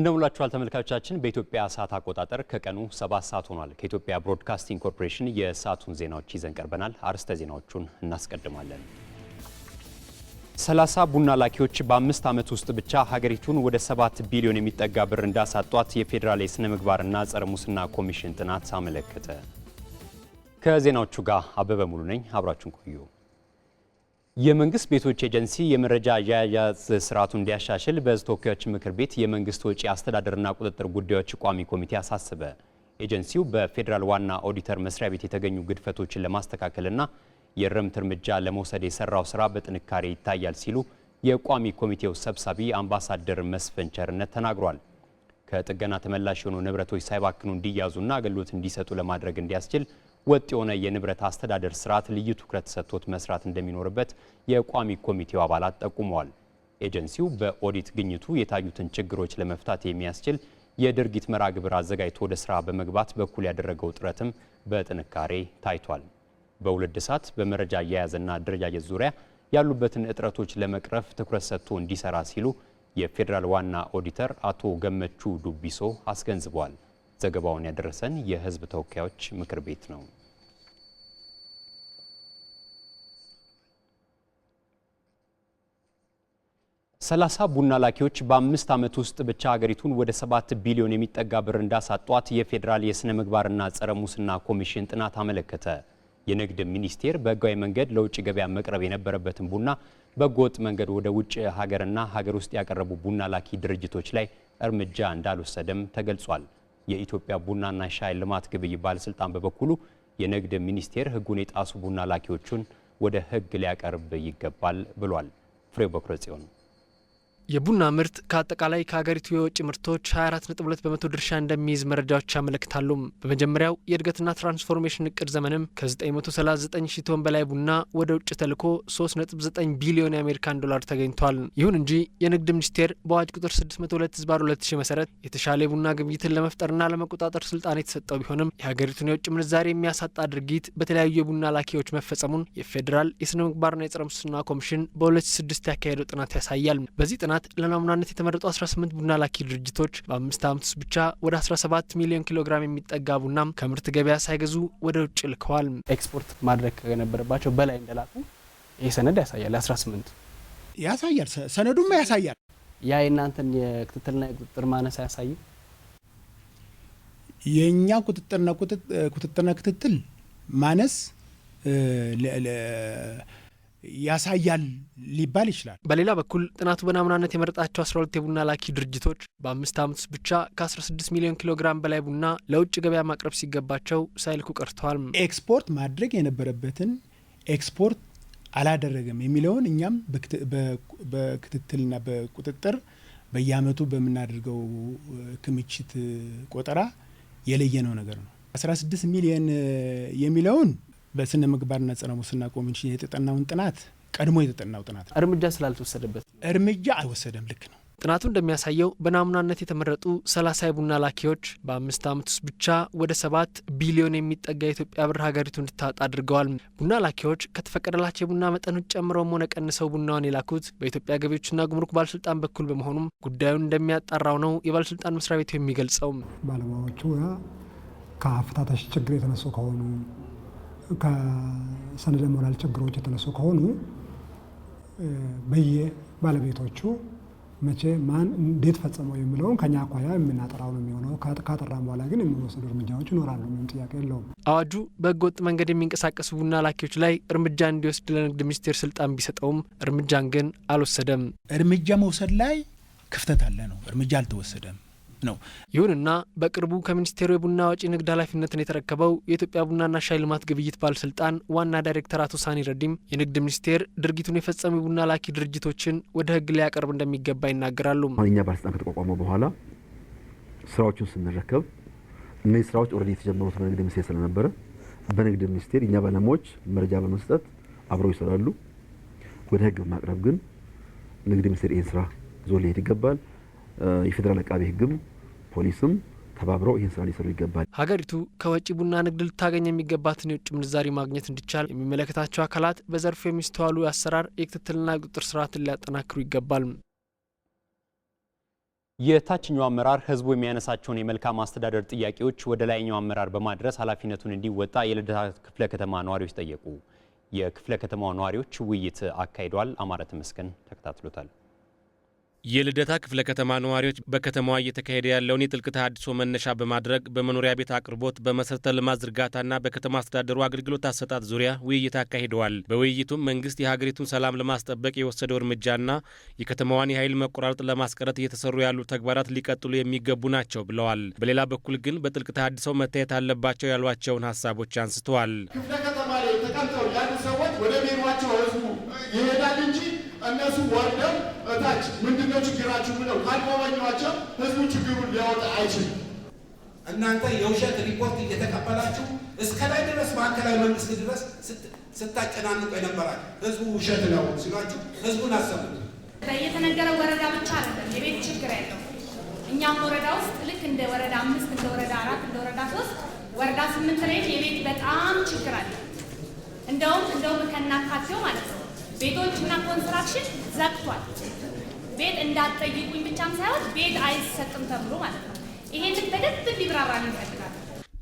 እንደምንላችኋል ተመልካቾቻችን። በኢትዮጵያ ሰዓት አቆጣጠር ከቀኑ 7 ሰዓት ሆኗል። ከኢትዮጵያ ብሮድካስቲንግ ኮርፖሬሽን የሰዓቱን ዜናዎች ይዘን ቀርበናል። አርዕስተ ዜናዎቹን እናስቀድማለን። ሰላሳ ቡና ላኪዎች በአምስት ዓመት ውስጥ ብቻ ሀገሪቱን ወደ ሰባት ቢሊዮን የሚጠጋ ብር እንዳሳጧት የፌዴራል የሥነ ምግባርና ጸረ ሙስና ኮሚሽን ጥናት አመለከተ። ከዜናዎቹ ጋር አበበ ሙሉ ነኝ። አብራችሁን ቆዩ። የመንግስት ቤቶች ኤጀንሲ የመረጃ አያያዝ ስርዓቱን እንዲያሻሽል በሕዝብ ምክር ቤት የመንግስት ወጪ አስተዳደርና ቁጥጥር ጉዳዮች ቋሚ ኮሚቴ አሳሰበ። ኤጀንሲው በፌዴራል ዋና ኦዲተር መስሪያ ቤት የተገኙ ግድፈቶችን ለማስተካከልና የእርምት እርምጃ ለመውሰድ የሰራው ስራ በጥንካሬ ይታያል ሲሉ የቋሚ ኮሚቴው ሰብሳቢ አምባሳደር መስፍን ቸርነት ተናግሯል። ከጥገና ተመላሽ የሆኑ ንብረቶች ሳይባክኑ እንዲያዙና አገልግሎት እንዲሰጡ ለማድረግ እንዲያስችል ወጥ የሆነ የንብረት አስተዳደር ስርዓት ልዩ ትኩረት ሰጥቶት መስራት እንደሚኖርበት የቋሚ ኮሚቴው አባላት ጠቁመዋል። ኤጀንሲው በኦዲት ግኝቱ የታዩትን ችግሮች ለመፍታት የሚያስችል የድርጊት መርሃ ግብር አዘጋጅቶ ወደ ስራ በመግባት በኩል ያደረገው ጥረትም በጥንካሬ ታይቷል። በሁለት ሰዓት በመረጃ አያያዝና አደረጃጀት ዙሪያ ያሉበትን እጥረቶች ለመቅረፍ ትኩረት ሰጥቶ እንዲሰራ ሲሉ የፌዴራል ዋና ኦዲተር አቶ ገመቹ ዱቢሶ አስገንዝቧል። ዘገባውን ያደረሰን የህዝብ ተወካዮች ምክር ቤት ነው። ሰላሳ ቡና ላኪዎች በአምስት ዓመት ውስጥ ብቻ ሀገሪቱን ወደ ሰባት ቢሊዮን የሚጠጋ ብር እንዳሳጧት የፌዴራል የሥነ ምግባርና ጸረ ሙስና ኮሚሽን ጥናት አመለከተ። የንግድ ሚኒስቴር በህጋዊ መንገድ ለውጭ ገበያ መቅረብ የነበረበትን ቡና በጎወጥ መንገድ ወደ ውጭ ሀገርና ሀገር ውስጥ ያቀረቡ ቡና ላኪ ድርጅቶች ላይ እርምጃ እንዳልወሰደም ተገልጿል። የኢትዮጵያ ቡናና ሻይ ልማት ግብይት ባለስልጣን በበኩሉ የንግድ ሚኒስቴር ህጉን የጣሱ ቡና ላኪዎቹን ወደ ህግ ሊያቀርብ ይገባል ብሏል። ፍሬው በኩረ ጽዮን የቡና ምርት ከአጠቃላይ ከሀገሪቱ የውጭ ምርቶች 24.2 በመቶ ድርሻ እንደሚይዝ መረጃዎች ያመለክታሉ። በመጀመሪያው የእድገትና ትራንስፎርሜሽን እቅድ ዘመንም ከ939 ሺ ቶን በላይ ቡና ወደ ውጭ ተልኮ 3.9 ቢሊዮን የአሜሪካን ዶላር ተገኝቷል። ይሁን እንጂ የንግድ ሚኒስቴር በአዋጅ ቁጥር 602 ዝባር 2000 መሰረት የተሻለ የቡና ግብይትን ለመፍጠርና ለመቆጣጠር ስልጣን የተሰጠው ቢሆንም የሀገሪቱን የውጭ ምንዛሬ የሚያሳጣ ድርጊት በተለያዩ የቡና ላኪዎች መፈጸሙን የፌዴራል የስነ ምግባርና የጸረ ሙስና ኮሚሽን በ2006 ያካሄደው ጥናት ያሳያል። በዚህ ጥናት ቀናት ለናሙናነት የተመረጡ 18 ቡና ላኪ ድርጅቶች በአምስት ዓመት ውስጥ ብቻ ወደ 17 ሚሊዮን ኪሎ ግራም የሚጠጋ ቡናም ከምርት ገበያ ሳይገዙ ወደ ውጭ ልከዋል። ኤክስፖርት ማድረግ ከነበረባቸው በላይ እንደላኩ ይህ ሰነድ ያሳያል። 18 ያሳያል፣ ሰነዱማ ያሳያል። ያ የእናንተን የክትትልና የቁጥጥር ማነስ አያሳይም? የእኛ ቁጥጥርና ክትትል ማነስ ያሳያል ሊባል ይችላል። በሌላ በኩል ጥናቱ በናሙናነት የመረጣቸው 12 የቡና ላኪ ድርጅቶች በአምስት ዓመት ውስጥ ብቻ ከ16 ሚሊዮን ኪሎ ግራም በላይ ቡና ለውጭ ገበያ ማቅረብ ሲገባቸው ሳይልኩ ቀርተዋል። ኤክስፖርት ማድረግ የነበረበትን ኤክስፖርት አላደረገም የሚለውን እኛም በክትትልና በቁጥጥር በየአመቱ በምናደርገው ክምችት ቆጠራ የለየነው ነገር ነው። 16 ሚሊዮን የሚለውን በስነ ምግባርና ጸረ ሙስና ኮሚሽን የተጠናውን ጥናት ቀድሞ የተጠናው ጥናት ነው። እርምጃ ስላልተወሰደበት እርምጃ አይወሰደም። ልክ ነው። ጥናቱ እንደሚያሳየው በናሙናነት የተመረጡ ሰላሳ የቡና ላኪዎች በአምስት ዓመት ውስጥ ብቻ ወደ ሰባት ቢሊዮን የሚጠጋ የኢትዮጵያ ብር ሀገሪቱ እንድታወጣ አድርገዋል። ቡና ላኪዎች ከተፈቀደላቸው የቡና መጠኖች ጨምረውም ሆነ ቀንሰው ቡናውን የላኩት በኢትዮጵያ ገቢዎችና ጉምሩክ ባለስልጣን በኩል በመሆኑም ጉዳዩን እንደሚያጣራው ነው የባለስልጣን መስሪያ ቤቱ የሚገልጸው። ባለሙያዎቹ ከአፈታታሽ ችግር የተነሱ ከሆኑ ከሰነደ ሞራል ችግሮች የተነሱ ከሆኑ በየ ባለቤቶቹ መቼ ማን እንዴት ፈጸመው የሚለውን ከኛ አኳያ የምናጠራው ነው የሚሆነው። ካጠራም በኋላ ግን የሚወሰዱ እርምጃዎች ይኖራሉ። ምንም ጥያቄ የለውም። አዋጁ በህገ ወጥ መንገድ የሚንቀሳቀሱ ቡና ላኪዎች ላይ እርምጃ እንዲወስድ ለንግድ ሚኒስቴር ስልጣን ቢሰጠውም እርምጃን ግን አልወሰደም። እርምጃ መውሰድ ላይ ክፍተት አለ ነው። እርምጃ አልተወሰደም። ነው። ይሁንና በቅርቡ ከሚኒስቴሩ የቡና ወጪ ንግድ ኃላፊነትን የተረከበው የኢትዮጵያ ቡናና ሻይ ልማት ግብይት ባለስልጣን ዋና ዳይሬክተር አቶ ሳኒ ረዲም የንግድ ሚኒስቴር ድርጊቱን የፈጸሙ ቡና ላኪ ድርጅቶችን ወደ ሕግ ሊያቀርብ እንደሚገባ ይናገራሉ። እኛ ባለስልጣን ከተቋቋመ በኋላ ስራዎቹን ስንረከብ እነዚህ ስራዎች ኦልሬዲ የተጀመሩት በንግድ ሚኒስቴር ስለነበረ በንግድ ሚኒስቴር እኛ ባለሙያዎች መረጃ በመስጠት አብረው ይሰራሉ። ወደ ሕግ በማቅረብ ግን ንግድ ሚኒስቴር ይህን ስራ ዞ ሊሄድ ይገባል። የፌዴራል አቃቤ ህግም ፖሊስም ተባብረው ይህን ስራ ሊሰሩ ይገባል። ሀገሪቱ ከወጪ ቡና ንግድ ልታገኝ የሚገባትን የውጭ ምንዛሪ ማግኘት እንዲቻል የሚመለከታቸው አካላት በዘርፉ የሚስተዋሉ የአሰራር የክትትልና ቁጥጥር ስርዓትን ሊያጠናክሩ ይገባል። የታችኛው አመራር ህዝቡ የሚያነሳቸውን የመልካም አስተዳደር ጥያቄዎች ወደ ላይኛው አመራር በማድረስ ኃላፊነቱን እንዲወጣ የልደታ ክፍለ ከተማ ነዋሪዎች ጠየቁ። የክፍለ ከተማው ነዋሪዎች ውይይት አካሂደዋል። አማረ ተመስገን ተከታትሎታል። የልደታ ክፍለ ከተማ ነዋሪዎች በከተማዋ እየተካሄደ ያለውን የጥልቅ ተሃድሶ መነሻ በማድረግ በመኖሪያ ቤት አቅርቦት፣ በመሰረተ ልማት ዝርጋታና በከተማ አስተዳደሩ አገልግሎት አሰጣጥ ዙሪያ ውይይት አካሂደዋል። በውይይቱም መንግስት የሀገሪቱን ሰላም ለማስጠበቅ የወሰደው እርምጃና የከተማዋን የኃይል መቆራረጥ ለማስቀረት እየተሰሩ ያሉ ተግባራት ሊቀጥሉ የሚገቡ ናቸው ብለዋል። በሌላ በኩል ግን በጥልቅ ተሃድሶ መታየት አለባቸው ያሏቸውን ሀሳቦች አንስተዋል። ክፍለ ከተማ ላይ ተቀምጠው ያሉ ሰዎች ወደ ቤሯቸው ህዝቡ ይሄዳል እንጂ እነሱ ወርደው በታች ምንድነው ችግራችሁ ብለው ካልጎበኟቸው ህዝቡ ችግሩን ሊያወጣ አይችልም። እናንተ የውሸት ሪፖርት እየተቀበላችሁ እስከ ላይ ድረስ ማዕከላዊ መንግስት ድረስ ስታጨናንቁ የነበራል። ህዝቡ ውሸት ነው ሲሏችሁ ህዝቡን አሰቡት። እየተነገረ ወረዳ ብቻ አይደለም የቤት ችግር ያለው እኛም ወረዳ ውስጥ ልክ እንደ ወረዳ አምስት እንደ ወረዳ አራት እንደ ወረዳ ሶስት ወረዳ ስምንት ላይ የቤት በጣም ችግር አለ። እንደውም እንደውም ከእናት ቤቶችና ኮንስትራክሽን ዘግቷል። ቤት እንዳትጠይቁኝ ብቻም ሳይሆን ቤት አይሰጥም ተብሎ ማለት ነው። ይሄንን በደንብ እንዲብራራን ይፈልጋል።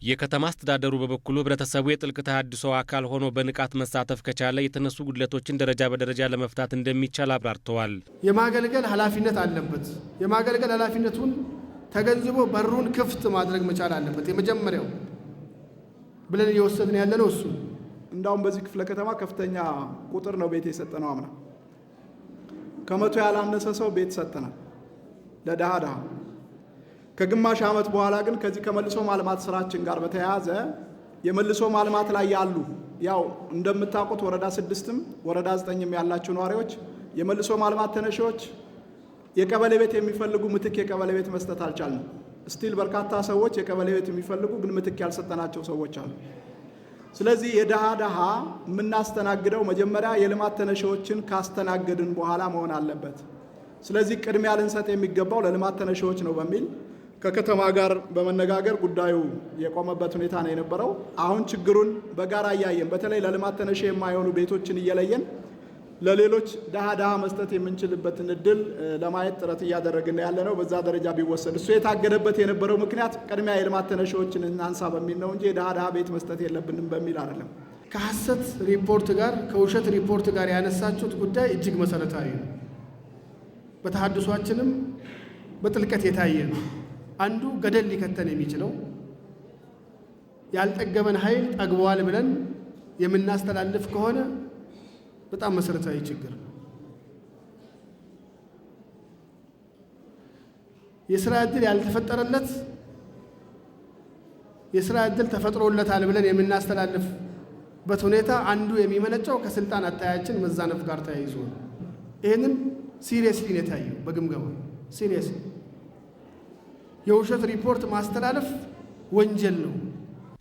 የከተማ አስተዳደሩ በበኩሉ ህብረተሰቡ የጥልቅ ተሃድሶ አካል ሆኖ በንቃት መሳተፍ ከቻለ የተነሱ ጉድለቶችን ደረጃ በደረጃ ለመፍታት እንደሚቻል አብራርተዋል። የማገልገል ኃላፊነት አለበት። የማገልገል ኃላፊነቱን ተገንዝቦ በሩን ክፍት ማድረግ መቻል አለበት። የመጀመሪያው ብለን እየወሰድን ያለነው እሱ እንዳውም በዚህ ክፍለ ከተማ ከፍተኛ ቁጥር ነው ቤት የሰጠነው። አምና ከመቶ ያላነሰ ሰው ቤት ሰጠናል ለድሃ ድሃ። ከግማሽ ዓመት በኋላ ግን ከዚህ ከመልሶ ማልማት ስራችን ጋር በተያያዘ የመልሶ ማልማት ላይ ያሉ ያው እንደምታውቁት ወረዳ ስድስትም ወረዳ ዘጠኝም ያላችሁ ነዋሪዎች የመልሶ ማልማት ተነሺዎች የቀበሌ ቤት የሚፈልጉ ምትክ የቀበሌ ቤት መስጠት አልቻልንም። ስቲል በርካታ ሰዎች የቀበሌ ቤት የሚፈልጉ ግን ምትክ ያልሰጠናቸው ሰዎች አሉ። ስለዚህ የድሃ ድሃ የምናስተናግደው መጀመሪያ የልማት ተነሺዎችን ካስተናገድን በኋላ መሆን አለበት። ስለዚህ ቅድሚያ ልንሰጥ የሚገባው ለልማት ተነሺዎች ነው በሚል ከከተማ ጋር በመነጋገር ጉዳዩ የቆመበት ሁኔታ ነው የነበረው። አሁን ችግሩን በጋራ እያየን በተለይ ለልማት ተነሺ የማይሆኑ ቤቶችን እየለየን ለሌሎች ድሃ ድሃ መስጠት የምንችልበትን እድል ለማየት ጥረት እያደረግን ያለ ነው። በዛ ደረጃ ቢወሰድ እሱ የታገደበት የነበረው ምክንያት ቅድሚያ የልማት ተነሺዎችን እናንሳ በሚል ነው እንጂ የድሃ ድሃ ቤት መስጠት የለብንም በሚል አይደለም። ከሐሰት ሪፖርት ጋር ከውሸት ሪፖርት ጋር ያነሳችሁት ጉዳይ እጅግ መሰረታዊ ነው። በተሐድሷችንም በጥልቀት የታየ ነው። አንዱ ገደል ሊከተን የሚችለው ያልጠገበን ኃይል ጠግበዋል ብለን የምናስተላልፍ ከሆነ በጣም መሰረታዊ ችግር ነው። የስራ እድል ያልተፈጠረለት የስራ እድል ተፈጥሮለታል ብለን የምናስተላልፍበት ሁኔታ አንዱ የሚመነጨው ከስልጣን አታያችን መዛነፍ ጋር ተያይዞ ነው። ይህንን ሲሪየስሊ ነው የታየው በግምገማ ሲሪየስ የውሸት ሪፖርት ማስተላለፍ ወንጀል ነው።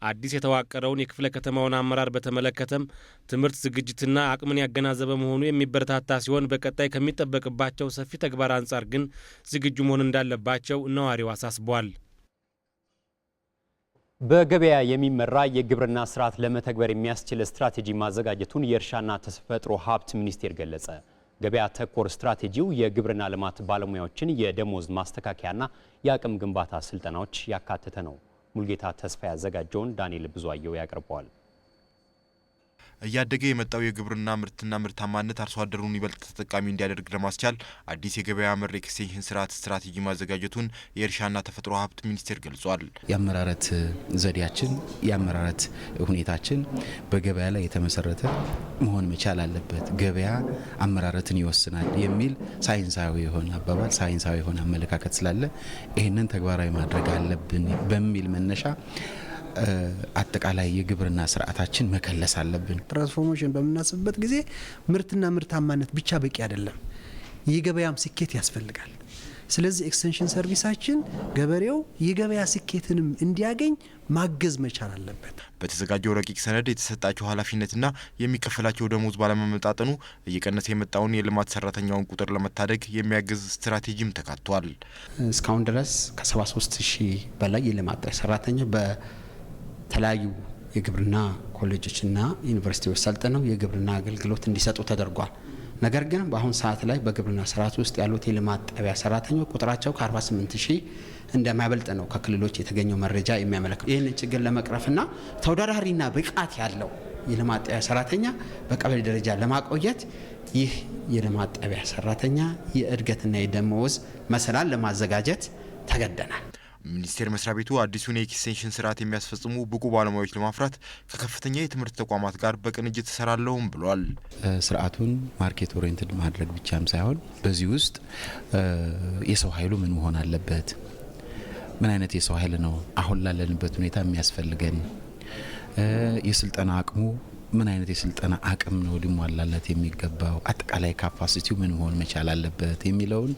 አዲስ የተዋቀረውን የክፍለ ከተማውን አመራር በተመለከተም ትምህርት ዝግጅትና አቅምን ያገናዘበ መሆኑ የሚበረታታ ሲሆን በቀጣይ ከሚጠበቅባቸው ሰፊ ተግባር አንጻር ግን ዝግጁ መሆን እንዳለባቸው ነዋሪው አሳስቧል። በገበያ የሚመራ የግብርና ስርዓት ለመተግበር የሚያስችል ስትራቴጂ ማዘጋጀቱን የእርሻና ተፈጥሮ ሀብት ሚኒስቴር ገለጸ። ገበያ ተኮር ስትራቴጂው የግብርና ልማት ባለሙያዎችን የደሞዝ ማስተካከያና የአቅም ግንባታ ስልጠናዎች ያካተተ ነው። ሙልጌታ ተስፋ ያዘጋጀውን ዳንኤል ብዙአየው ያቀርበዋል። እያደገ የመጣው የግብርና ምርትና ምርታማነት አርሶ አደሩን ይበልጥ ተጠቃሚ እንዲያደርግ ለማስቻል አዲስ የገበያ መር ኤክስቴንሽን ስርዓት ስትራቴጂ ማዘጋጀቱን የእርሻና ተፈጥሮ ሀብት ሚኒስቴር ገልጿል። የአመራረት ዘዴያችን የአመራረት ሁኔታችን በገበያ ላይ የተመሰረተ መሆን መቻል አለበት። ገበያ አመራረትን ይወስናል የሚል ሳይንሳዊ የሆነ አባባል፣ ሳይንሳዊ የሆነ አመለካከት ስላለ ይህንን ተግባራዊ ማድረግ አለብን በሚል መነሻ አጠቃላይ የግብርና ስርዓታችን መከለስ አለብን። ትራንስፎርሜሽን በምናስብበት ጊዜ ምርትና ምርታማነት ብቻ በቂ አይደለም፣ የገበያም ስኬት ያስፈልጋል። ስለዚህ ኤክስቴንሽን ሰርቪሳችን ገበሬው የገበያ ስኬትንም እንዲያገኝ ማገዝ መቻል አለበት። በተዘጋጀው ረቂቅ ሰነድ የተሰጣቸው ኃላፊነትና የሚከፈላቸው ደሞዝ ባለመመጣጠኑ እየቀነሰ የመጣውን የልማት ሰራተኛውን ቁጥር ለመታደግ የሚያግዝ ስትራቴጂም ተካቷል። እስካሁን ድረስ ከ73 ሺህ በላይ የልማት ሰራተኛ የተለያዩ የግብርና ኮሌጆችና ዩኒቨርሲቲዎች ሰልጥነው የግብርና አገልግሎት እንዲሰጡ ተደርጓል። ነገር ግን በአሁን ሰዓት ላይ በግብርና ስርዓት ውስጥ ያሉት የልማት ጣቢያ ሰራተኞች ቁጥራቸው ከ48 ሺህ እንደማይበልጥ ነው ከክልሎች የተገኘው መረጃ የሚያመለክ ይህንን ችግር ለመቅረፍና ተወዳዳሪና ብቃት ያለው የልማት ጣቢያ ሰራተኛ በቀበሌ ደረጃ ለማቆየት ይህ የልማት ጣቢያ ሰራተኛ የእድገትና የደመወዝ መሰላል ለማዘጋጀት ተገደናል። ሚኒስቴር መስሪያ ቤቱ አዲሱን የኤክስቴንሽን ስርዓት የሚያስፈጽሙ ብቁ ባለሙያዎች ለማፍራት ከከፍተኛ የትምህርት ተቋማት ጋር በቅንጅት እሰራለሁም ብሏል። ስርዓቱን ማርኬት ኦሪየንትድ ማድረግ ብቻም ሳይሆን በዚህ ውስጥ የሰው ኃይሉ ምን መሆን አለበት፣ ምን አይነት የሰው ኃይል ነው አሁን ላለንበት ሁኔታ የሚያስፈልገን፣ የስልጠና አቅሙ ምን አይነት የስልጠና አቅም ነው ሊሟላለት የሚገባው፣ አጠቃላይ ካፓሲቲው ምን መሆን መቻል አለበት የሚለውን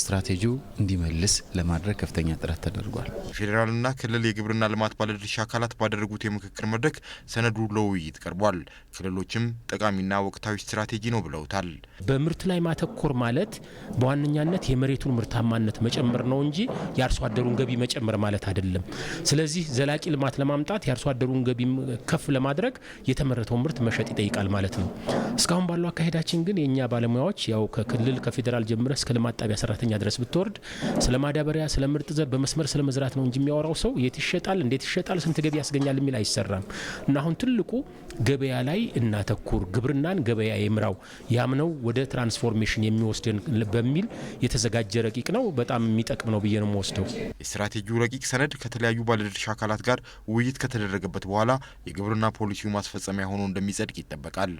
ስትራቴጂው እንዲመልስ ለማድረግ ከፍተኛ ጥረት ተደርጓል። ፌዴራልና ክልል የግብርና ልማት ባለድርሻ አካላት ባደረጉት የምክክር መድረክ ሰነዱ ለውይይት ቀርቧል። ክልሎችም ጠቃሚና ወቅታዊ ስትራቴጂ ነው ብለውታል። በምርት ላይ ማተኮር ማለት በዋነኛነት የመሬቱን ምርታማነት መጨመር ነው እንጂ የአርሶ አደሩን ገቢ መጨመር ማለት አይደለም። ስለዚህ ዘላቂ ልማት ለማምጣት የአርሶ አደሩን ገቢ ከፍ ለማድረግ የተመረተውን ምርት መሸጥ ይጠይቃል ማለት ነው። እስካሁን ባለው አካሄዳችን ግን የእኛ ባለሙያዎች ያው ከክልል ከፌዴራል ጀምረ እስከ ልማት ጣቢያ ሰራ ሰራተኛ ድረስ ብትወርድ ስለ ማዳበሪያ፣ ስለ ምርጥ ዘር በመስመር ስለ መዝራት ነው እንጂ የሚያወራው ሰው የት ይሸጣል፣ እንዴት ይሸጣል፣ ስንት ገቢ ያስገኛል የሚል አይሰራም። እና አሁን ትልቁ ገበያ ላይ እናተኩር፣ ግብርናን ገበያ ይምራው፣ ያምነው ወደ ትራንስፎርሜሽን የሚወስድን በሚል የተዘጋጀ ረቂቅ ነው። በጣም የሚጠቅም ነው ብዬ ነው የምወስደው። የስትራቴጂው ረቂቅ ሰነድ ከተለያዩ ባለድርሻ አካላት ጋር ውይይት ከተደረገበት በኋላ የግብርና ፖሊሲው ማስፈጸሚያ ሆኖ እንደሚጸድቅ ይጠበቃል።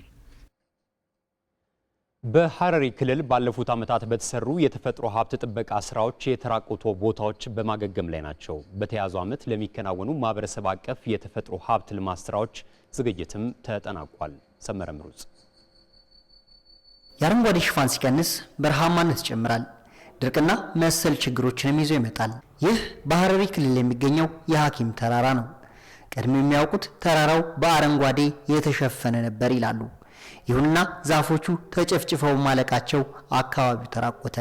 በሐረሪ ክልል ባለፉት ዓመታት በተሰሩ የተፈጥሮ ሀብት ጥበቃ ስራዎች የተራቆቱ ቦታዎች በማገገም ላይ ናቸው። በተያዙ ዓመት ለሚከናወኑ ማህበረሰብ አቀፍ የተፈጥሮ ሀብት ልማት ስራዎች ዝግጅትም ተጠናቋል። ሰመረ ምሩጽ። የአረንጓዴ ሽፋን ሲቀንስ በረሃማነት ይጨምራል፣ ድርቅና መሰል ችግሮችንም ይዞ ይመጣል። ይህ በሐረሪ ክልል የሚገኘው የሐኪም ተራራ ነው። ቀድሞ የሚያውቁት ተራራው በአረንጓዴ የተሸፈነ ነበር ይላሉ ይሁንና ዛፎቹ ተጨፍጭፈው ማለቃቸው አካባቢው ተራቆተ።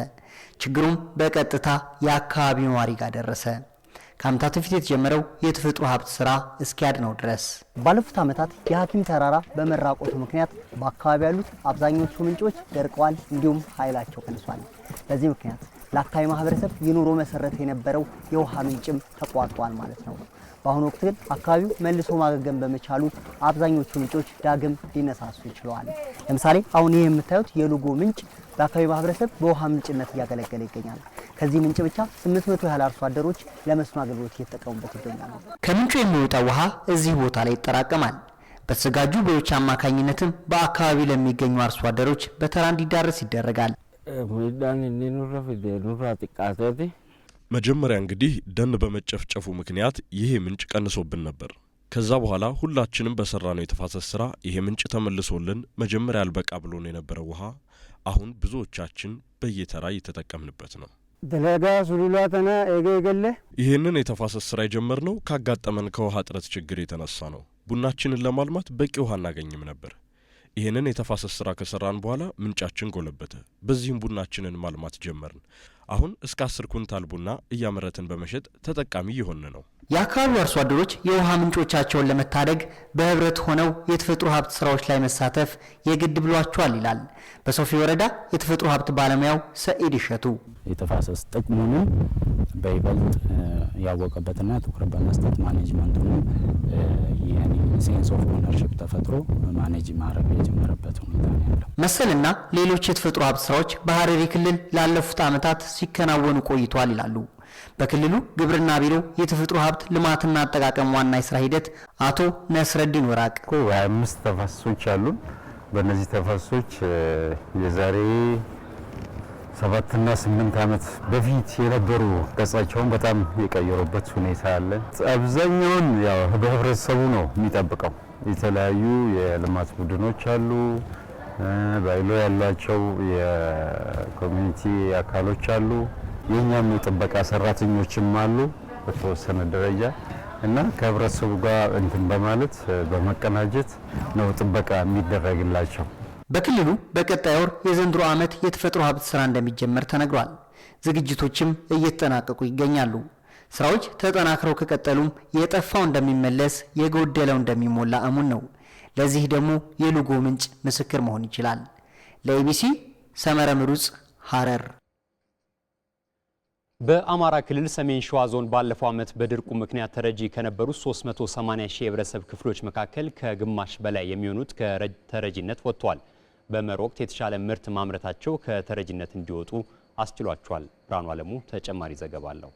ችግሩም በቀጥታ የአካባቢው ነዋሪ ጋር ደረሰ። ከአመታት በፊት የተጀመረው የተፈጥሮ ሀብት ስራ እስኪያድነው ድረስ ባለፉት ዓመታት የሐኪም ተራራ በመራቆቱ ምክንያት በአካባቢ ያሉት አብዛኞቹ ምንጮች ደርቀዋል፣ እንዲሁም ኃይላቸው ቀንሷል። በዚህ ምክንያት ለአካባቢ ማህበረሰብ የኑሮ መሰረት የነበረው የውሃ ምንጭም ተቋርጧል ማለት ነው። በአሁኑ ወቅት ግን አካባቢው መልሶ ማገገም በመቻሉ አብዛኞቹ ምንጮች ዳግም ሊነሳሱ ይችለዋል። ለምሳሌ አሁን ይህ የምታዩት የሉጎ ምንጭ በአካባቢ ማህበረሰብ በውሃ ምንጭነት እያገለገለ ይገኛል። ከዚህ ምንጭ ብቻ 800 ያህል አርሶ አደሮች ለመስኖ አገልግሎት እየተጠቀሙበት ይገኛሉ። ከምንጩ የሚወጣ ውሃ እዚህ ቦታ ላይ ይጠራቀማል። በተዘጋጁ ቦዮች አማካኝነትም በአካባቢ ለሚገኙ አርሶ አደሮች በተራ እንዲዳረስ ይደረጋል። ሚዳን ኑራ ፊዴ ኑራ ጥቃሴቲ መጀመሪያ እንግዲህ ደን በመጨፍጨፉ ምክንያት ይሄ ምንጭ ቀንሶብን ነበር። ከዛ በኋላ ሁላችንም በሰራ ነው የተፋሰስ ስራ ይሄ ምንጭ ተመልሶልን መጀመሪያ አልበቃ ብሎን የነበረው ውሃ አሁን ብዙዎቻችን በየተራ እየተጠቀምንበት ነው። ደለጋ ሱሉላተና ኤገ ገለ ይህንን የተፋሰስ ስራ የጀመርነው ካጋጠመን ከውሃ እጥረት ችግር የተነሳ ነው። ቡናችንን ለማልማት በቂ ውሃ እናገኝም ነበር። ይህንን የተፋሰስ ስራ ከሰራን በኋላ ምንጫችን ጎለበተ። በዚህም ቡናችንን ማልማት ጀመርን። አሁን እስከ አስር ኩንታል ቡና እያመረትን በመሸጥ ተጠቃሚ የሆን ነው። የአካባቢው አርሶ አደሮች የውሃ ምንጮቻቸውን ለመታደግ በህብረት ሆነው የተፈጥሮ ሀብት ስራዎች ላይ መሳተፍ የግድ ብሏቸዋል ይላል በሶፊ ወረዳ የተፈጥሮ ሀብት ባለሙያው ሰኢድ ይሸቱ። የተፋሰስ ጥቅሙንም በይበልጥ ያወቀበትና ትኩረት በመስጠት ማኔጅመንቱንም ሴንስ ኦፍ ኦነርሽፕ ተፈጥሮ ማኔጅ ማድረግ የጀመረበት ሁኔታ ነው ያለው። መሰልና ሌሎች የተፈጥሮ ሀብት ስራዎች በሀረሪ ክልል ላለፉት ዓመታት ሲከናወኑ ቆይቷል ይላሉ በክልሉ ግብርና ቢሮ የተፈጥሮ ሀብት ልማትና አጠቃቀም ዋና የስራ ሂደት አቶ ነስረዲን ወራቅ አምስት ተፋሰሶች አሉን። በእነዚህ ተፋሰሶች የዛሬ ሰባትና ስምንት ዓመት በፊት የነበሩ ገጻቸውን በጣም የቀየሩበት ሁኔታ አለ። አብዛኛውን ያው በህብረተሰቡ ነው የሚጠብቀው። የተለያዩ የልማት ቡድኖች አሉ፣ ባይሎ ያላቸው የኮሚኒቲ አካሎች አሉ። የእኛም የጥበቃ ሰራተኞችም አሉ በተወሰነ ደረጃ እና ከህብረተሰቡ ጋር እንትን በማለት በመቀናጀት ነው ጥበቃ የሚደረግላቸው። በክልሉ በቀጣይ ወር የዘንድሮ ዓመት የተፈጥሮ ሀብት ስራ እንደሚጀመር ተነግሯል። ዝግጅቶችም እየተጠናቀቁ ይገኛሉ። ስራዎች ተጠናክረው ከቀጠሉም የጠፋው እንደሚመለስ የጎደለው እንደሚሞላ እሙን ነው። ለዚህ ደግሞ የሉጎ ምንጭ ምስክር መሆን ይችላል። ለኢቢሲ ሰመረ ምሩጽ ሐረር በአማራ ክልል ሰሜን ሸዋ ዞን ባለፈው ዓመት በድርቁ ምክንያት ተረጂ ከነበሩ 380 ሺህ የህብረተሰብ ክፍሎች መካከል ከግማሽ በላይ የሚሆኑት ከተረጂነት ወጥተዋል። በመኸር ወቅት የተሻለ ምርት ማምረታቸው ከተረጂነት እንዲወጡ አስችሏቸዋል። ብርሃኑ አለሙ ተጨማሪ ዘገባ አለው።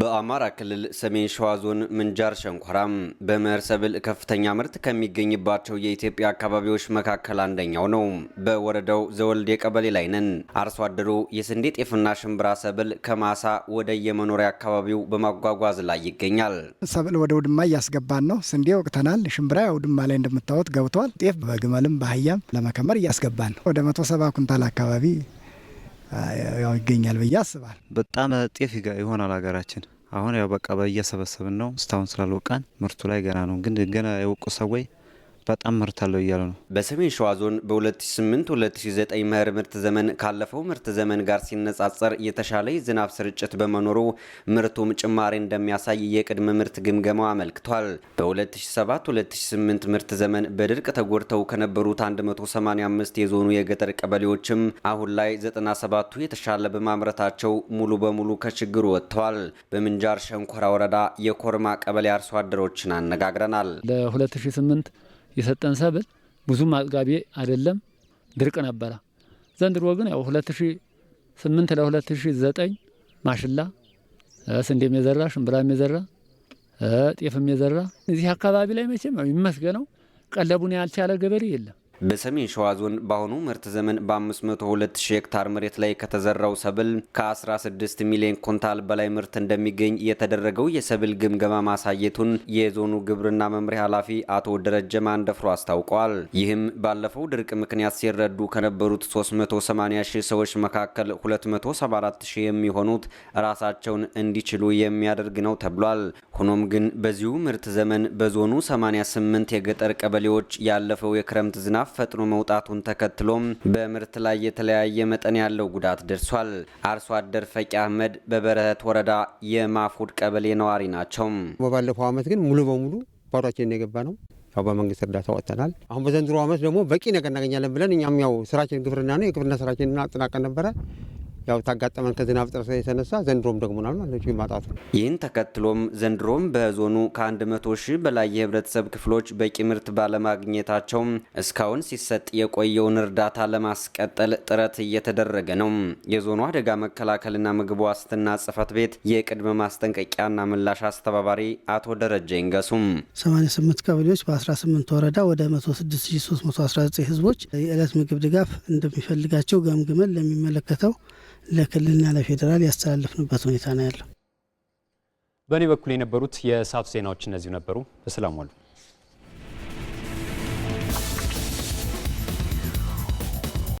በአማራ ክልል ሰሜን ሸዋ ዞን ምንጃር ሸንኮራም በመኸር ሰብል ከፍተኛ ምርት ከሚገኝባቸው የኢትዮጵያ አካባቢዎች መካከል አንደኛው ነው። በወረዳው ዘወልዴ ቀበሌ ላይ ነን። አርሶ አደሩ የስንዴ ጤፍና ሽምብራ ሰብል ከማሳ ወደ የመኖሪያ አካባቢው በማጓጓዝ ላይ ይገኛል። ሰብል ወደ ውድማ እያስገባን ነው። ስንዴ ወቅተናል። ሽምብራ ውድማ ላይ እንደምታወት ገብቷል። ጤፍ በግመልም በአህያም ለመከመር እያስገባን ነው። ወደ መቶ ሰባ ኩንታል አካባቢ ያው ይገኛል ብዬ አስባል። በጣም ጤፍ ይሆናል ሀገራችን አሁን ያው በቃ በእየሰበሰብን ነው። እስታሁን ስላልወቃን ምርቱ ላይ ገና ነው። ግን ገና የወቁ ሰዎች በጣም ምርታለሁ እያሉ ነው። በሰሜን ሸዋ ዞን በ2008/2009 መኸር ምርት ዘመን ካለፈው ምርት ዘመን ጋር ሲነጻጸር የተሻለ የዝናብ ስርጭት በመኖሩ ምርቱም ጭማሪ እንደሚያሳይ የቅድመ ምርት ግምገማው አመልክቷል። በ2007/2008 ምርት ዘመን በድርቅ ተጎድተው ከነበሩት 185 የዞኑ የገጠር ቀበሌዎችም አሁን ላይ 97ቱ የተሻለ በማምረታቸው ሙሉ በሙሉ ከችግሩ ወጥተዋል። በምንጃር ሸንኮራ ወረዳ የኮርማ ቀበሌ አርሶ አደሮችን አነጋግረናል። ለ2008 የሰጠን ሰብል ብዙም አጥጋቢ አይደለም፣ ድርቅ ነበረ። ዘንድሮ ግን ያው 2008 ለ2009 ማሽላ ስንዴም የዘራ ሽምብራም የዘራ ጤፍም የዘራ እዚህ አካባቢ ላይ መቼም ይመስገነው ቀለቡን ያልቻለ ገበሬ የለም። በሰሜን ሸዋ ዞን በአሁኑ ምርት ዘመን በ502 ሺህ ሄክታር መሬት ላይ ከተዘራው ሰብል ከ16 ሚሊዮን ኩንታል በላይ ምርት እንደሚገኝ የተደረገው የሰብል ግምገማ ማሳየቱን የዞኑ ግብርና መምሪያ ኃላፊ አቶ ደረጀ ማንደፍሮ አስታውቋል። ይህም ባለፈው ድርቅ ምክንያት ሲረዱ ከነበሩት 380 ሺህ ሰዎች መካከል 274 ሺህ የሚሆኑት ራሳቸውን እንዲችሉ የሚያደርግ ነው ተብሏል። ሆኖም ግን በዚሁ ምርት ዘመን በዞኑ 88 የገጠር ቀበሌዎች ያለፈው የክረምት ዝናብ ፈጥኖ መውጣቱን ተከትሎም በምርት ላይ የተለያየ መጠን ያለው ጉዳት ደርሷል። አርሶ አደር ፈቂ አህመድ በበረሀት ወረዳ የማፉድ ቀበሌ ነዋሪ ናቸው። በባለፈው ዓመት ግን ሙሉ በሙሉ ባሯችን የገባ ነው። ያው በመንግስት እርዳታ ወጥተናል። አሁን በዘንድሮ ዓመት ደግሞ በቂ ነገር እናገኛለን ብለን እኛም ያው ስራችን ግብርና ነው። የግብርና ስራችን አጠናቀን ነበረ ያው ታጋጠመን ከዝናብ ጥረት የተነሳ ዘንድሮም ደግሞ ማጣቱ ይህን ተከትሎም ዘንድሮም በዞኑ ከ100 ሺህ በላይ የህብረተሰብ ክፍሎች በቂ ምርት ባለማግኘታቸው እስካሁን ሲሰጥ የቆየውን እርዳታ ለማስቀጠል ጥረት እየተደረገ ነው። የዞኑ አደጋ መከላከልና ምግብ ዋስትና ጽህፈት ቤት የቅድመ ማስጠንቀቂያና ምላሽ አስተባባሪ አቶ ደረጀ ይንገሱም 88 ቀበሌዎች በ18 ወረዳ ወደ 106319 ህዝቦች የዕለት ምግብ ድጋፍ እንደሚፈልጋቸው ገምግመን ለሚመለከተው ለክልልና ለፌዴራል ያስተላለፍንበት ሁኔታ ነው ያለው። በእኔ በኩል የነበሩት የሰዓቱ ዜናዎች እነዚሁ ነበሩ። በሰላም ዋሉ።